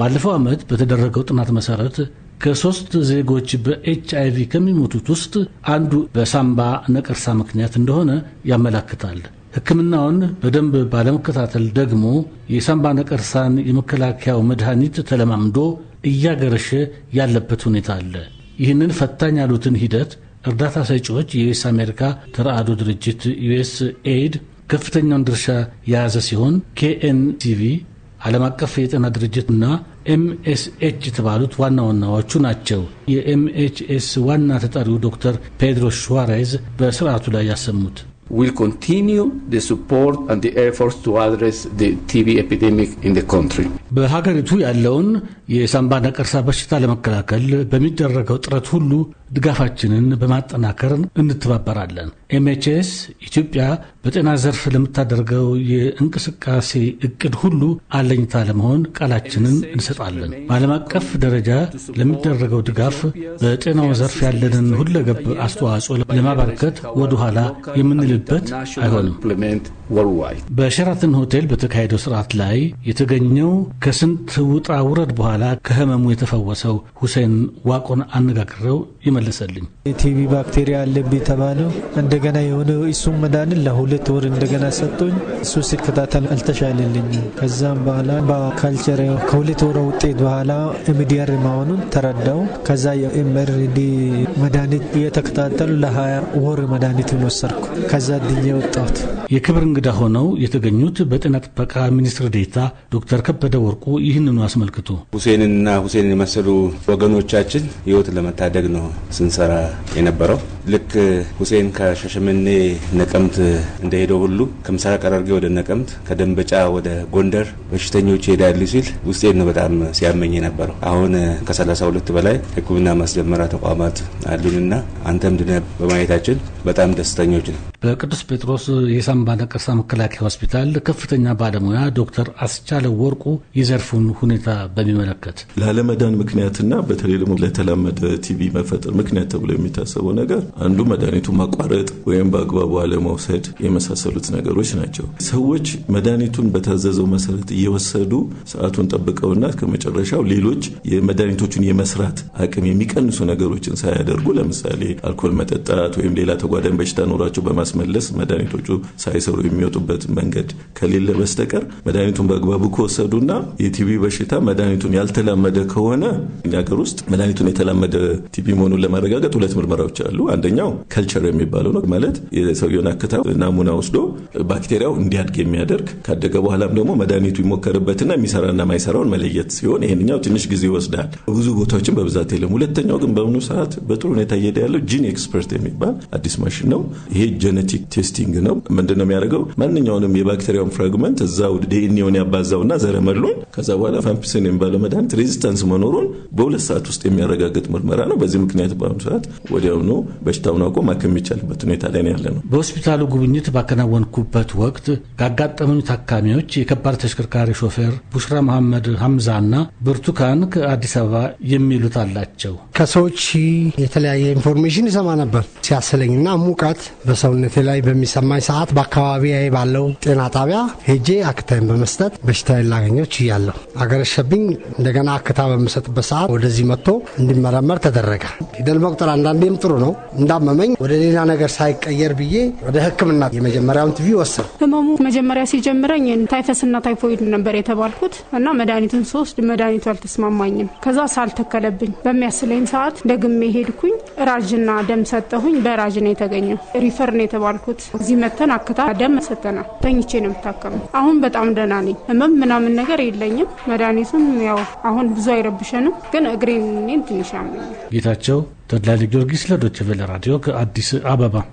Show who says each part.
Speaker 1: ባለፈው ዓመት በተደረገው ጥናት መሰረት ከሶስት ዜጎች በኤች ቪ ከሚሞቱት ውስጥ አንዱ በሳምባ ነቀርሳ ምክንያት እንደሆነ ያመላክታል። ሕክምናውን በደንብ ባለመከታተል ደግሞ የሳምባ ነቀርሳን የመከላከያው መድኃኒት ተለማምዶ እያገረሸ ያለበት ሁኔታ አለ። ይህንን ፈታኝ ያሉትን ሂደት እርዳታ ሰጪዎች የዩኤስ አሜሪካ ተራድኦ ድርጅት ዩኤስ ኤድ ከፍተኛውን ድርሻ የያዘ ሲሆን ኬኤንሲቪ ዓለም አቀፍ የጤና ድርጅትና ኤምኤስኤች የተባሉት ዋና ዋናዎቹ ናቸው። የኤምኤችኤስ ዋና ተጠሪው ዶክተር ፔድሮ ሹዋሬዝ በስርዓቱ ላይ ያሰሙት will continue the support and the efforts to address the TB epidemic in the country. በሀገሪቱ ያለውን የሳምባ ነቀርሳ በሽታ ለመከላከል በሚደረገው ጥረት ሁሉ ድጋፋችንን በማጠናከር እንተባበራለን። ኤምኤችኤስ ኢትዮጵያ በጤና ዘርፍ ለምታደርገው የእንቅስቃሴ እቅድ ሁሉ አለኝታ ለመሆን ቃላችንን እንሰጣለን። በዓለም አቀፍ ደረጃ ለሚደረገው ድጋፍ በጤናው ዘርፍ ያለንን ሁለገብ አስተዋጽኦ ለማበርከት ወደኋላ የምንልበት አይሆንም። ወርዋይ በሸራተን ሆቴል በተካሄደው ስርዓት ላይ የተገኘው ከስንት ውጣ ውረድ በኋላ ከህመሙ የተፈወሰው ሁሴን ዋቆን አነጋግረው ይመለሰልኝ የቲቪ ባክቴሪያ አለብኝ የተባለው እንደገና የሆነ እሱም መድኃኒት ለሁለት ወር እንደገና ሰጡኝ። እሱ ሲከታተል አልተሻለልኝም። ከዛም በኋላ በካልቸር ከሁለት ወር ውጤት በኋላ ኤምዲአር መሆኑን ተረዳው። ከዛ የኤምርዲ መድኃኒት እየተከታተሉ ለሀያ ወር መድኃኒት ወሰድኩ። ከዛ ድኜ ወጣሁት። እንግዳ ሆነው የተገኙት በጤና ጥበቃ ሚኒስትር ዴታ ዶክተር ከበደ ወርቁ ይህንኑ አስመልክቶ ሁሴንና ሁሴንን የመሰሉ ወገኖቻችን ህይወት ለመታደግ ነው ስንሰራ የነበረው። ልክ ሁሴን ከሻሸመኔ ነቀምት እንደሄደው ሁሉ ከምስራቅ ሐረርጌ ወደ ነቀምት ከደንበጫ ወደ ጎንደር በሽተኞች ይሄዳሉ ሲል ውስጤን ነው በጣም ሲያመኝ የነበረው። አሁን ከ ሁለት በላይ ሕክምና ማስጀመሪያ ተቋማት አሉንና አንተም ድነ በማየታችን በጣም ደስተኞች ነው። በቅዱስ ጴጥሮስ የሳምባ ነቀርሳ መከላከያ ሆስፒታል ከፍተኛ ባለሙያ ዶክተር አስቻለ ወርቁ የዘርፉን ሁኔታ
Speaker 2: በሚመለከት ላለመዳን ምክንያትና በተለይ ደግሞ ለተላመደ ቲቪ መፈጠር ምክንያት ተብሎ የሚታሰበው ነገር አንዱ መድኃኒቱ ማቋረጥ ወይም በአግባቡ አለመውሰድ የመሳሰሉት ነገሮች ናቸው። ሰዎች መድኃኒቱን በታዘዘው መሰረት እየወሰዱ ሰዓቱን ጠብቀውና ከመጨረሻው ሌሎች የመድኃኒቶቹን የመስራት አቅም የሚቀንሱ ነገሮችን ሳያደርጉ ለምሳሌ አልኮል መጠጣት ወይም ሌላ ተጓዳኝ በሽታ ኖሯቸው በማስመለስ መድኃኒቶቹ ሳይሰሩ የሚወጡበት መንገድ ከሌለ በስተቀር መድኃኒቱን በአግባቡ ከወሰዱና የቲቪ በሽታ መድኃኒቱን ያልተላመደ ከሆነ ሀገር ውስጥ መድኃኒቱን የተላመደ ቲቪ መሆኑን ለማረጋገጥ ሁለት ምርመራዎች አሉ። አንደኛው ከልቸር የሚባለው ነው ማለት የሰውየውን አክታ ናሙና ወስዶ ባክቴሪያው እንዲያድግ የሚያደርግ ካደገ በኋላም ደግሞ መድኃኒቱ ይሞከርበትና የሚሰራና ማይሰራውን መለየት ሲሆን ይህንኛው ትንሽ ጊዜ ይወስዳል። ብዙ ቦታዎችን በብዛት የለም። ሁለተኛው ግን በአሁኑ ሰዓት በጥሩ ሁኔታ እየሄደ ያለው ጂን ኤክስፐርት የሚባል አዲስ ማሽን ነው። ይሄ ጀነቲክ ቴስቲንግ ነው። ምንድን ነው የሚያደርገው? ማንኛውንም የባክቴሪያውን ፍራግመንት እዛው ዲኤንኤውን ያባዛውና ዘረመሎን ከዛ በኋላ ፋምፒሲን የሚባለው መድኃኒት ሬዚስታንስ መኖሩን በሁለት ሰዓት ውስጥ የሚያረጋግጥ ምርመራ ነው። በዚህ ምክንያት በአሁኑ ሰዓት ወዲያውኑ በሽታው አውቆ ማከም የሚቻልበት ሁኔታ ላይ ያለ ነው።
Speaker 1: በሆስፒታሉ ጉብኝት ባከናወንኩበት ወቅት ካጋጠሙኝ ታካሚዎች የከባድ ተሽከርካሪ ሾፌር ቡሽራ መሐመድ ሐምዛና ብርቱካን ከአዲስ አበባ የሚሉት አላቸው። ከሰዎች የተለያየ ኢንፎርሜሽን ይሰማ ነበር ሲያስለኝ እና ሙቀት በሰውነቴ ላይ በሚሰማኝ ሰዓት በአካባቢ ባለው ጤና ጣቢያ ሄጄ አክታይን በመስጠት በሽታዬን ላገኘው እያለሁ አገረሸብኝ። እንደገና አክታ በምሰጥበት ሰዓት ወደዚህ መጥቶ እንዲመረመር ተደረገ። ፊደል መቁጠር አንዳንዴም ጥሩ ነው። እንዳመመኝ ወደ ሌላ ነገር ሳይቀየር ብዬ ወደ ሕክምና የመጀመሪያውን ቲቪ ወሰን
Speaker 2: ህመሙ መጀመሪያ ሲጀምረኝ ታይፈስና ታይፎይድ ነበር የተባልኩት እና መድኃኒቱን ሶስት መድኃኒቱ አልተስማማኝም። ከዛ ሳልተከለብኝ በሚያስለኝ ሰዓት ደግሜ ሄድኩኝ። ራዥና ደም ሰጠሁኝ። በራዥ ነው የተገኘው። ሪፈር ነው የተባልኩት። እዚህ መተን አክታ ደም ሰጠና ተኝቼ ነው የምታከመው። አሁን በጣም ደህና ነኝ። ህመም ምናምን ነገር የለኝም። መድኃኒቱም ያው አሁን ብዙ አይረብሸንም፣ ግን እግሬን ትንሽ ያመኛል።
Speaker 1: ጌታቸው ተድላ ጊዮርጊስ ለዶይቼ ቬለ ራዲዮ ከአዲስ አበባ